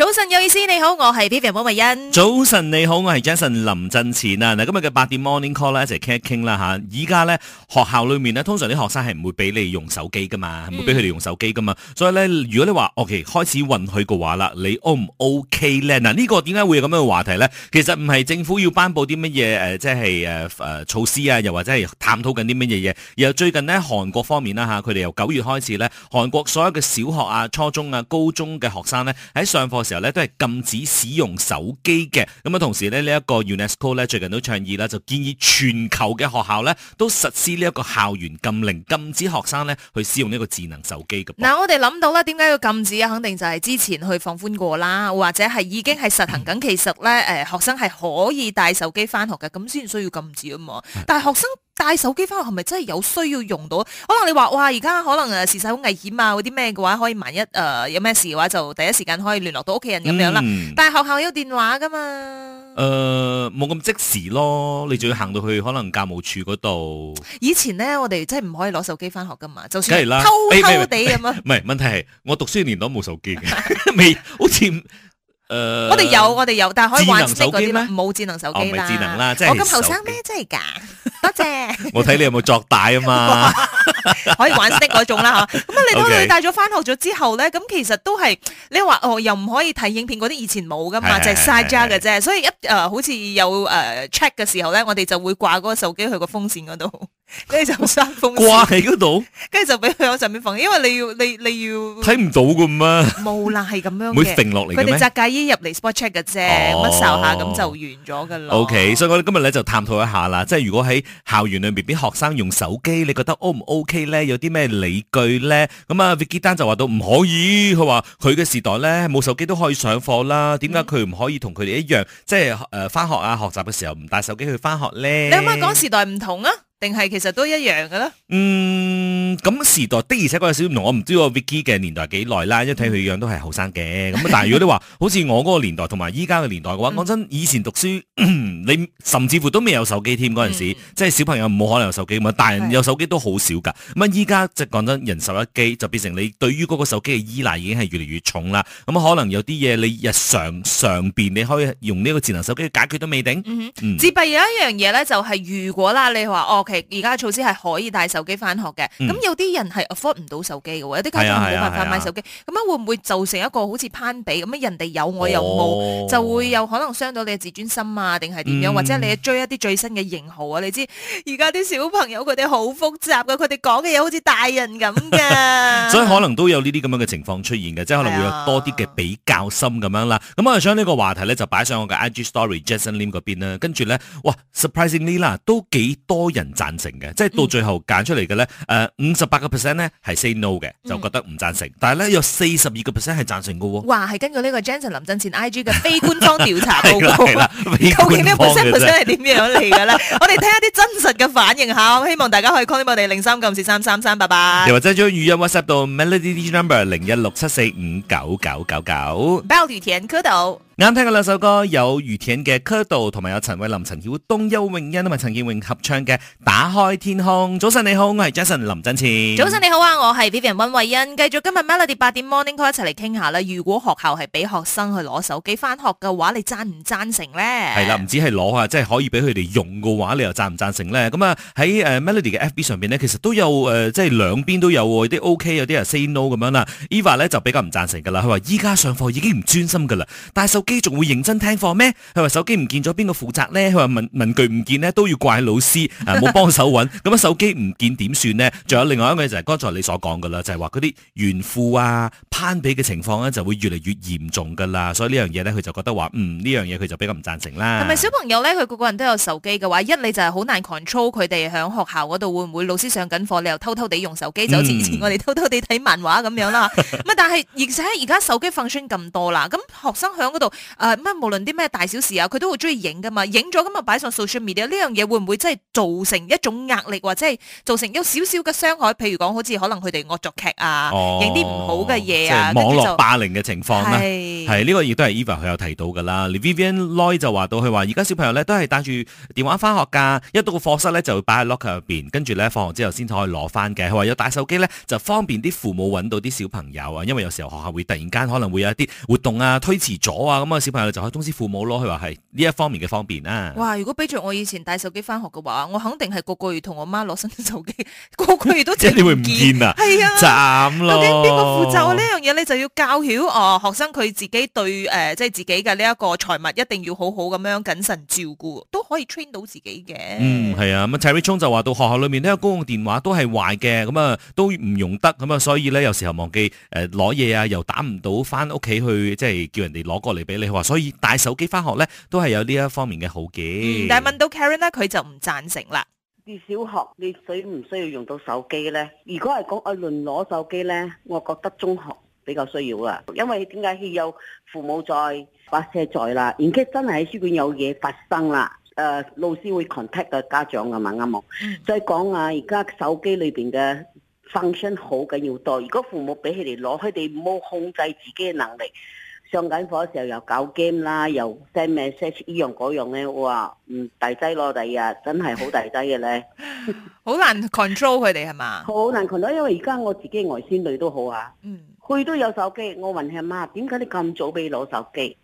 早晨有意思，你好，我係 Vivian 寶文欣。早晨你好，我係 Jason 林振前啊！嗱，今日嘅八點 morning call 咧，一齊傾一傾啦吓。依家咧學校裏面咧，通常啲學生係唔會俾你用手機噶嘛，唔、嗯、會俾佢哋用手機噶嘛。所以咧，如果你話，OK 開始允許嘅話啦，你 O 唔 OK 咧？嗱，呢個點解會有咁樣嘅話題咧？其實唔係政府要頒布啲乜嘢誒，即係誒誒措施啊，又或者係探討緊啲乜嘢嘢？而最近呢，韓國方面啦吓，佢、啊、哋由九月開始咧，韓國所有嘅小學啊、初中啊、高中嘅學生咧喺上課時咧都係禁止使用手機嘅，咁啊同時咧呢一個 UNESCO 咧最近都倡議啦，就建議全球嘅學校咧都實施呢一個校園禁令，禁止學生咧去使用呢個智能手機嘅。嗱，我哋諗到咧，點解要禁止啊？肯定就係之前去放寬過啦，或者係已經係實行緊，其實咧誒學生係可以帶手機返學嘅，咁先需要禁止啊嘛。但係學生。帶手機翻學係咪真係有需要用到？可能你話哇，而家可能誒時勢好危險啊，嗰啲咩嘅話，可以萬一誒、呃、有咩事嘅話，就第一時間可以聯絡到屋企人咁樣啦、嗯。但係學校有電話噶嘛？誒、呃，冇咁即時咯，你仲要行到去可能教務處嗰度。以前咧，我哋真係唔可以攞手機翻學噶嘛，就算係偷偷地咁樣。唔係、欸欸欸欸欸、問題係，我讀書年代冇手機嘅，未 好似誒、呃。我哋有，我哋有，但係可以玩機嗰啲啦，冇智能手機啦。我唔係智能啦，即係我咁後生咩真係噶？多謝，謝，我睇你有冇作大啊嘛， 可以玩色嗰種啦嚇。咁啊，你當你戴咗翻學咗之後咧，咁其實都係你話哦，又唔可以睇影片嗰啲，以前冇噶嘛， 就係 side job 嘅啫。 所以一誒、呃、好似有誒、呃、check 嘅時候咧，我哋就會掛嗰個手機去個風扇嗰度。你就塞風扇掛喺嗰度，跟住就俾佢喺上面放，因為你要你你要睇唔到噶嘛，無奈係咁樣嘅，會 floating 落嚟，佢哋雜介醫入嚟 spot check 嘅啫，乜時候咁就完咗噶啦。OK，所以我哋今日咧就探討一下啦，即係如果喺校園裏邊，俾學生用手機，你覺得 O 唔 OK 咧？有啲咩理據咧？咁啊，Vicky Dan 就話到唔可以，佢話佢嘅時代咧冇手機都可以上課啦，點解佢唔可以同佢哋一樣，即係誒翻學啊學習嘅時候唔帶手機去翻學咧？你可唔可以講時代唔同啊？定係其實都一樣嘅啦。嗯，咁時代的而且確有少少唔同。我唔知阿 Vicky 嘅年代幾耐啦，一睇佢樣都係後生嘅。咁 但係如果你話好似我嗰個年代同埋依家嘅年代嘅話，講、嗯、真，以前讀書你甚至乎都未有手機添，嗰陣時、嗯、即係小朋友冇可能有手機咁啊。大人有手機都好少噶。咁啊，依家即係講真，人手一機就變成你對於嗰個手機嘅依賴已經係越嚟越重啦。咁、嗯、可能有啲嘢你日常上邊你可以用呢個智能手機解決都未定。嗯嗯、自閉有一樣嘢咧，就係、是、如果啦，你話哦。而家嘅措施係可以帶手機返學嘅，咁、嗯、有啲人係 afford 唔到手機嘅喎，有啲家長冇辦法買手機，咁樣、啊啊啊、會唔會造成一個好似攀比咁啊？人哋有我又冇、哦，就會有可能傷到你嘅自尊心啊，定係點樣、嗯？或者你追、追一啲最新嘅型號啊？你知而家啲小朋友佢哋好複雜嘅，佢哋講嘅嘢好似大人咁嘅， 所以可能都有呢啲咁樣嘅情況出現嘅，即係可能會有多啲嘅比較心咁樣啦。咁、啊、我想將呢個話題咧就擺上我嘅 IG story Jason Lim 嗰邊啦，跟住咧哇 surprisingly 啦，都幾多人。贊成嘅，即係到最後揀出嚟嘅咧，誒，五十八個 percent 咧係 say no 嘅，就覺得唔贊成。但係咧有四十二個 percent 係贊成噶喎。哇係根據呢個 Jenson 林振前 IG 嘅非官方調查報告啊，究竟呢個 percent percent 係點樣嚟嘅咧？我哋聽一啲真實嘅反應下，希望大家可以 call 我哋零三九四三三三八八，又或者將語音 WhatsApp 到 Melody D Number 零一六七四五九九九九。Bill 田科導。啱聽嘅兩首歌有余田嘅《c 科度》同埋有陳慧琳、陳曉東、邱永欣同埋陳建穎合唱嘅《打開天空》。早晨你好，我係 Jason 林振前。早晨你好啊，我係 Vivian 温慧欣。繼續今日 Melody 八點 Morning Call 一齊嚟傾下啦。如果學校係俾學生去攞手機翻學嘅話，你讚唔讚成咧？係啦，唔止係攞啊，即係可以俾佢哋用嘅話，你又讚唔讚成咧？咁啊喺誒 Melody 嘅 FB 上邊咧，其實都有誒，即係兩邊都有啲 OK，有啲人 say no 咁樣啦。Eva 咧就比較唔讚成噶啦，佢話依家上課已經唔專心噶啦，帶手。機仲會認真聽課咩？佢話手機唔見咗，邊個負責咧？佢話文文具唔見咧，都要怪老師啊，冇幫手揾。咁啊，手機唔見點算咧？仲有另外一個就係剛才你所講噶啦，就係話嗰啲炫富啊、攀比嘅情況咧，就會越嚟越嚴重噶啦。所以呢樣嘢咧，佢就覺得話，嗯，呢樣嘢佢就比較唔贊成啦。係咪小朋友咧？佢個個人都有手機嘅話，一你就係好難 control 佢哋喺學校嗰度會唔會老師上緊課，你又偷偷地用手機，就好似以前我哋偷偷地睇漫畫咁樣啦。咁啊，但係而且而家手機 function 咁多啦，咁學生響嗰度。誒、呃、乜無論啲咩大小事啊，佢都會中意影噶嘛，影咗咁啊，擺上 social media，呢樣嘢會唔會真係造成一種壓力或者係造成有少少嘅傷害？譬如講好似可能佢哋惡作劇啊，影啲唔好嘅嘢啊，網絡霸，霸凌嘅情況啦，係呢、呢個亦都係 Eva 佢有提到噶啦。Vivian Lo 就話到佢話而家小朋友咧都係帶住電話翻學㗎，一到個課室咧就會擺喺 locker 入邊，跟住咧放學之後先可以攞翻嘅。佢話有帶手機咧就方便啲父母揾到啲小朋友啊，因為有時候學校會突然間可能會有一啲活動啊推遲咗啊咁小朋友就可以通知父母咯。佢話係呢一方面嘅方便啦、啊。哇！如果俾着我以前帶手機翻學嘅話，我肯定係個個月同我媽攞新手機，個個月都即 你會唔見啊？係啊，慘咯！究竟邊個負責啊？呢樣嘢你就要教曉哦，學生佢自己對誒、呃，即係自己嘅呢一個財物一定要好好咁樣謹慎照顧，都可以 train 到自己嘅。嗯，係啊。咁蔡瑞聰就話到學校裏面呢個公用電話都係壞嘅，咁啊都唔用得，咁啊所以咧有時候忘記誒攞嘢啊，又打唔到翻屋企去，即係叫人哋攞過嚟。俾你話，所以帶手機翻學咧，都係有呢一方面嘅好嘅、嗯。但係問到 Karen 咧，佢就唔贊成啦。小學你需唔需要用到手機咧？如果係講阿倫攞手機咧，我覺得中學比較需要啊。因為點解佢有父母在、發車在啦？而且真係喺書館有嘢發生啦、呃。老師會 contact 個家長啊嘛？啱冇？再講 啊，而家手機裏面嘅 function 好緊要多。如果父母俾佢哋攞，佢哋冇控制自己嘅能力。上緊課嘅時候又搞 game 啦，又 send message 呢，依樣嗰樣咧，哇！嗯，大劑咯，第二日真係好大劑嘅咧，好 難 control 佢哋係嘛？好難 control，因為而家我自己外孫女都好啊，嗯，佢都有手機，我問你阿媽點解你咁早俾攞手機？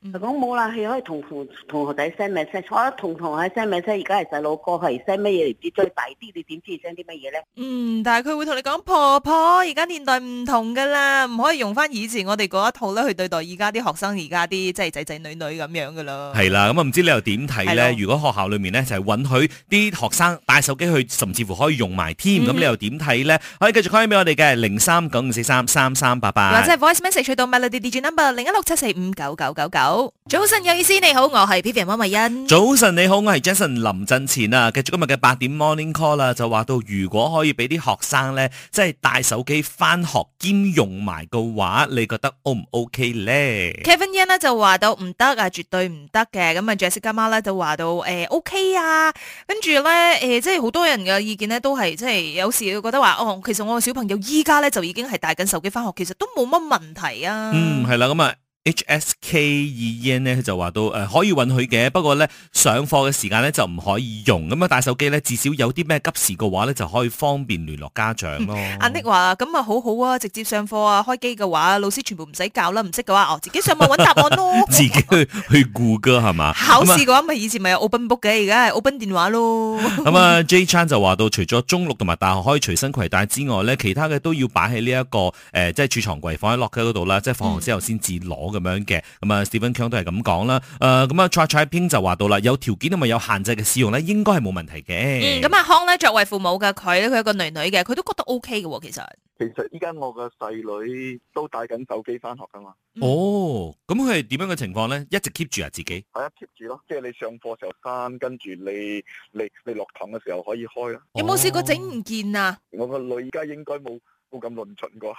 佢講冇喇，可以同父同學仔 send message？我覺得同同學仔 send message？而家係細佬哥係 send 乜嘢嚟？知最大啲，你點知 send 啲乜嘢咧？嗯，但係佢會同你講，婆婆，而家年代唔同噶啦，唔可以用翻以前我哋嗰一套咧去對待而家啲學生，而家啲即係仔仔女女咁樣噶啦。係啦，咁啊唔知你又點睇咧？如果學校裏面咧就係允許啲學生帶手機去，甚至乎可以用埋添，咁你又點睇咧？可以繼續開俾我哋嘅零三九五四三三三八八，或者 voice message 去到麥樂 D D G number 零一六七四五九九九九。好早晨，有意思你好，我係 Pepa 溫慧欣。早晨你好，我係 Jason 林振前啊。繼續今日嘅八點 morning call 啦，就話到如果可以俾啲學生咧，即係帶手機翻學兼用埋嘅話，你覺得 O 唔 OK 咧？Kevin Yan 咧就話到唔得啊，絕對唔得嘅。咁啊 Jessica 今晚咧就話到誒 OK 啊，跟住咧誒，即係好多人嘅意見咧都係即係有時會覺得話哦，其實我小朋友依家咧就已經係帶緊手機翻學，其實都冇乜問題啊。嗯，係啦，咁、嗯、啊。H.S.K.E.N 呢，佢就話到誒可以允許嘅，不過咧上課嘅時間咧就唔可以用。咁啊帶手機咧，至少有啲咩急事嘅話咧就可以方便聯絡家長咯。嗯、阿迪話咁啊好好啊，直接上課啊開機嘅話，老師全部唔使教啦，唔識嘅話哦自己上網搵答案咯。 自己去去 Google 係嘛？考試嘅話咪以前咪有 Open Book 嘅，而家係 Open 電話咯。咁啊 J.Chan 就話到，除咗中六同埋大學可以隨身攜帶之外咧，其他嘅都要擺喺呢一個誒即係儲藏櫃放喺 locker 嗰度啦，即係放學之後先至攞咁樣嘅，咁啊 Stephen Kang 都係咁講啦，誒、呃，咁啊蔡蔡 pink 就話到啦，有條件同埋有限制嘅使用咧，應該係冇問題嘅。嗯，咁阿康咧，作為父母嘅佢咧，佢有個女女嘅，佢都覺得 OK 嘅，其實。其實依家我個細女都帶緊手機翻學噶嘛、嗯。哦，咁佢係點樣嘅情況咧？一直 keep 住啊自己。係啊，keep 住咯，即係你上課嘅時候關，跟住你你你落堂嘅時候可以開咯。哦、你有冇試過整唔見啊？我個女而家應該冇。冇咁亂竄過。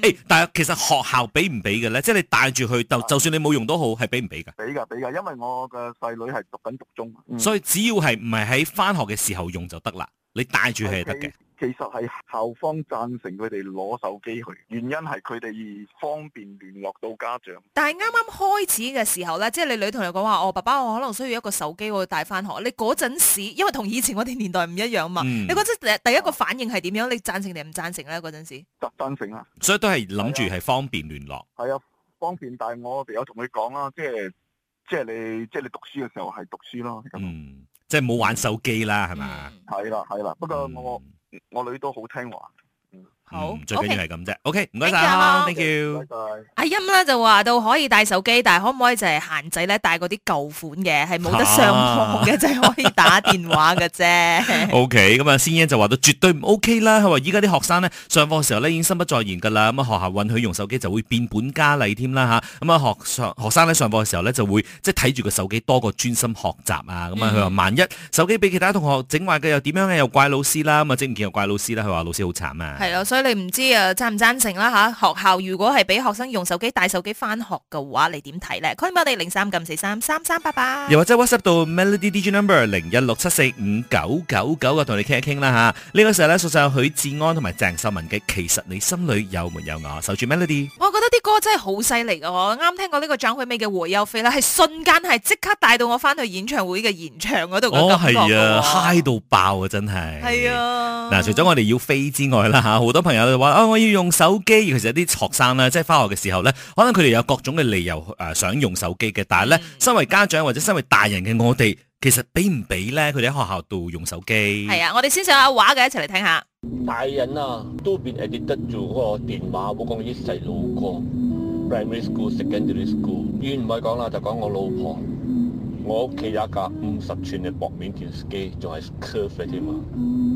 誒， 但係其實學校俾唔俾嘅，咧，即係你帶住去，就就算你冇用都好，係俾唔俾噶？俾噶，俾噶，因為我嘅細女係讀緊讀中，所以只要係唔係喺返學嘅時候用就得啦。你帶住佢係得嘅。Okay。其實係校方贊成佢哋攞手機去，原因係佢哋方便聯絡到家長。但係啱啱開始嘅時候咧，即係你女同你講話，哦，爸爸，我可能需要一個手機，我帶翻學。你嗰陣時，因為同以前我哋年代唔一樣嘛，嗯，你嗰陣第第一個反應係點樣？啊？你贊成定唔贊成咧？嗰陣時，特贊成啊！所以都係諗住係方便聯絡。係啊，啊，方便，但係我有同佢講啦，即係即係你即係你讀書嘅時候係讀書咯，咁，嗯，即係冇玩手機啦，係咪？係、嗯、啦，係啦、啊啊，不過、嗯、我。我女都好聽話。好，嗯、好，最緊要係咁啫。OK，唔該晒，thank you。阿音咧就話到可以帶手機，但係可唔可以就係限制咧帶嗰啲舊款嘅，係冇得上課嘅，就、啊、係可以打電話嘅啫。OK，咁啊，先英就話到絕對唔 OK 啦。佢話依家啲學生咧上課嘅時候咧已經心不在焉噶啦，咁啊學校允許用手機就會變本加厲添啦吓。咁啊學上學生咧上課嘅時候咧就會即係睇住個手機多過專心學習啊。咁啊佢話萬一手機俾其他同學整壞嘅又點樣啊？又怪老師啦。咁啊即唔見又怪老師啦。佢話老師好慘啊。你唔知啊，贊唔贊成啦吓？學校如果係俾學生用手機，帶手機翻學嘅話，你點睇咧？歡迎我哋零三撳四三三三八八，又或者 WhatsApp 到 Melody DJ Number 零一六七四五九九九嘅，同你傾一傾啦吓。呢個時候咧，熟晒許志安同埋鄭秀文嘅《其實你心裏有沒有我》，守住 Melody。我覺得啲歌真係好犀利嘅，我啱聽過呢個掌惠美嘅《無憂飛》啦，係瞬間係即刻帶到我翻去演唱會嘅現場嗰度嘅感覺。哦，係啊、哦、嗨到爆啊，真係。係啊，嗱、啊，除咗我哋要飛之外啦吓，好多。朋友就話啊，我要用手機。而其實有啲學生咧，即係翻學嘅時候咧，可能佢哋有各種嘅理由誒、呃，想用手機嘅。但係咧，嗯、身為家長或者身為大人嘅我哋，其實俾唔俾咧？佢哋喺學校度用手機？係啊，我哋先上下畫嘅，一齊嚟聽下。大人啊，都變係跌得做個電話，冇講一世老公。Mm-hmm. Primary school，secondary school，先唔係講啦，就講我老婆。我屋企有一架五十寸嘅薄面電視機，仲係 curve 添啊！Mm-hmm.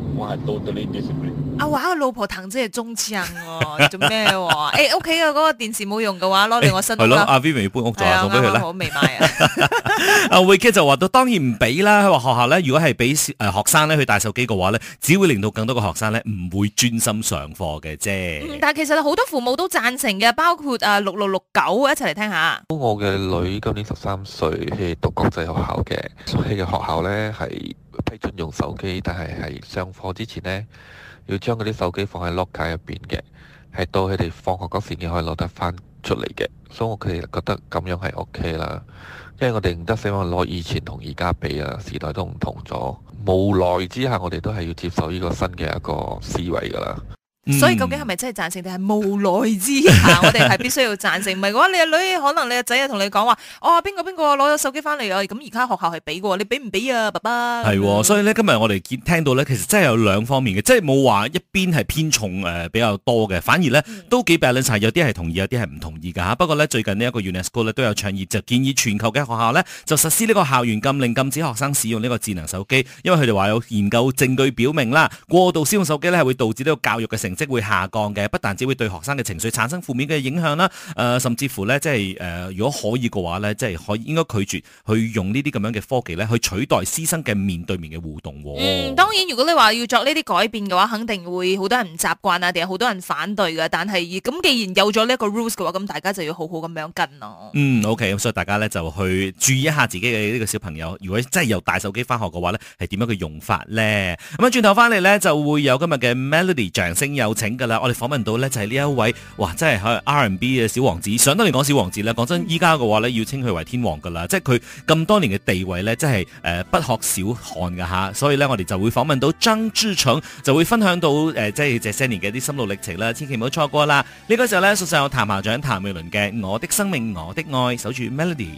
我係 t 阿華個老婆藤姐係中槍人喎，啊，做咩喎？誒、 欸，屋企嘅嗰個電視冇用嘅話，攞嚟我身係咯。阿 v i v i 搬屋咗啊， 啊，送俾佢咧。我未買啊。阿 Vicky 就話到，當然唔俾啦。佢話學校咧，如果係俾誒學生咧去帶手機嘅話咧，只會令到更多嘅學生咧唔會專心上課嘅啫。但係其實好多父母都贊成嘅，包括誒六六六九一齊嚟聽下。我嘅女今年十三歲，係讀國際學校嘅，所以嘅學校咧係。批准用手機，但係喺上課之前呢，要將嗰啲手機放喺 locker 入邊嘅，係到佢哋放學嗰時先可以攞得返出嚟嘅，所以我其實覺得咁樣係 OK 啦。因為我哋唔得死我攞以前同而家比啊，時代都唔同咗，無奈之下我哋都係要接受呢個新嘅一個思維㗎啦。所以究竟係咪真係贊成定係無奈之下， 我哋係必須要贊成？唔係嘅話，你個女可能你個仔啊同你講話，哦邊個邊個攞咗手機翻嚟啊？咁而家學校係俾嘅喎，你俾唔俾啊，爸爸？係，所以咧今日我哋見聽到咧，其實真係有兩方面嘅，即係冇話一邊係偏重誒、呃、比較多嘅，反而咧都幾 balance，有啲係同意，有啲係唔同意噶吓。不過咧最近呢一個 UNESCO 咧都有倡議，就建議全球嘅學校呢，就實施呢個校園禁令，禁止學生使用呢個智能手機，因為佢哋話有研究證據表明啦，過度使用手機咧係會導致呢個教育嘅成。成績會下降嘅，不但只會對學生嘅情緒產生負面嘅影響啦，誒、呃，甚至乎咧，即係誒、呃，如果可以嘅話咧，即係可以應該拒絕去用呢啲咁樣嘅科技咧，去取代師生嘅面對面嘅互動，哦。嗯，當然，如果你話要作呢啲改變嘅話，肯定會好多人唔習慣啊，定係好多人反對噶。但係咁既然有咗呢一個 rules 嘅話，咁大家就要好好咁樣跟咯。嗯，OK，咁所以大家咧就去注意一下自己嘅呢個小朋友，如果真係有帶手機翻學嘅話咧，係點樣嘅用法咧？咁啊，轉頭翻嚟咧就會有今日嘅 Melody 掌聲。有請噶啦！我哋訪問到呢就係、是、呢一位，哇！真係喺 R&B 嘅小王子，想當年講小王子呢講真，依家嘅話呢要稱佢為天王噶啦，即係佢咁多年嘅地位呢，真係誒、呃、不可小看噶吓。所以呢，我哋就會訪問到曾志祥，就會分享到誒、呃，即係這些年嘅一啲心路歷程啦。千祈唔好錯過啦！呢個時候呢，咧，送上有譚校長譚詠麟嘅《我的生命我的愛》，守住 Melody。